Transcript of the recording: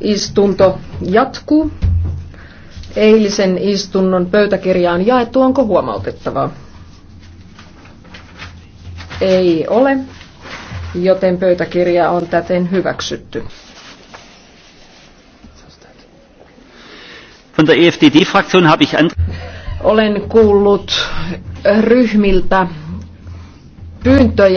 Istunto jatkuu. Eilisen istunnon pöytäkirjaan jaettu onko huomautettavaa? Ei ole, joten pöytäkirja on täten hyväksytty. Von der EFDD-Fraktion habe ich Olen kuullut ryhmiltä pyyntöjä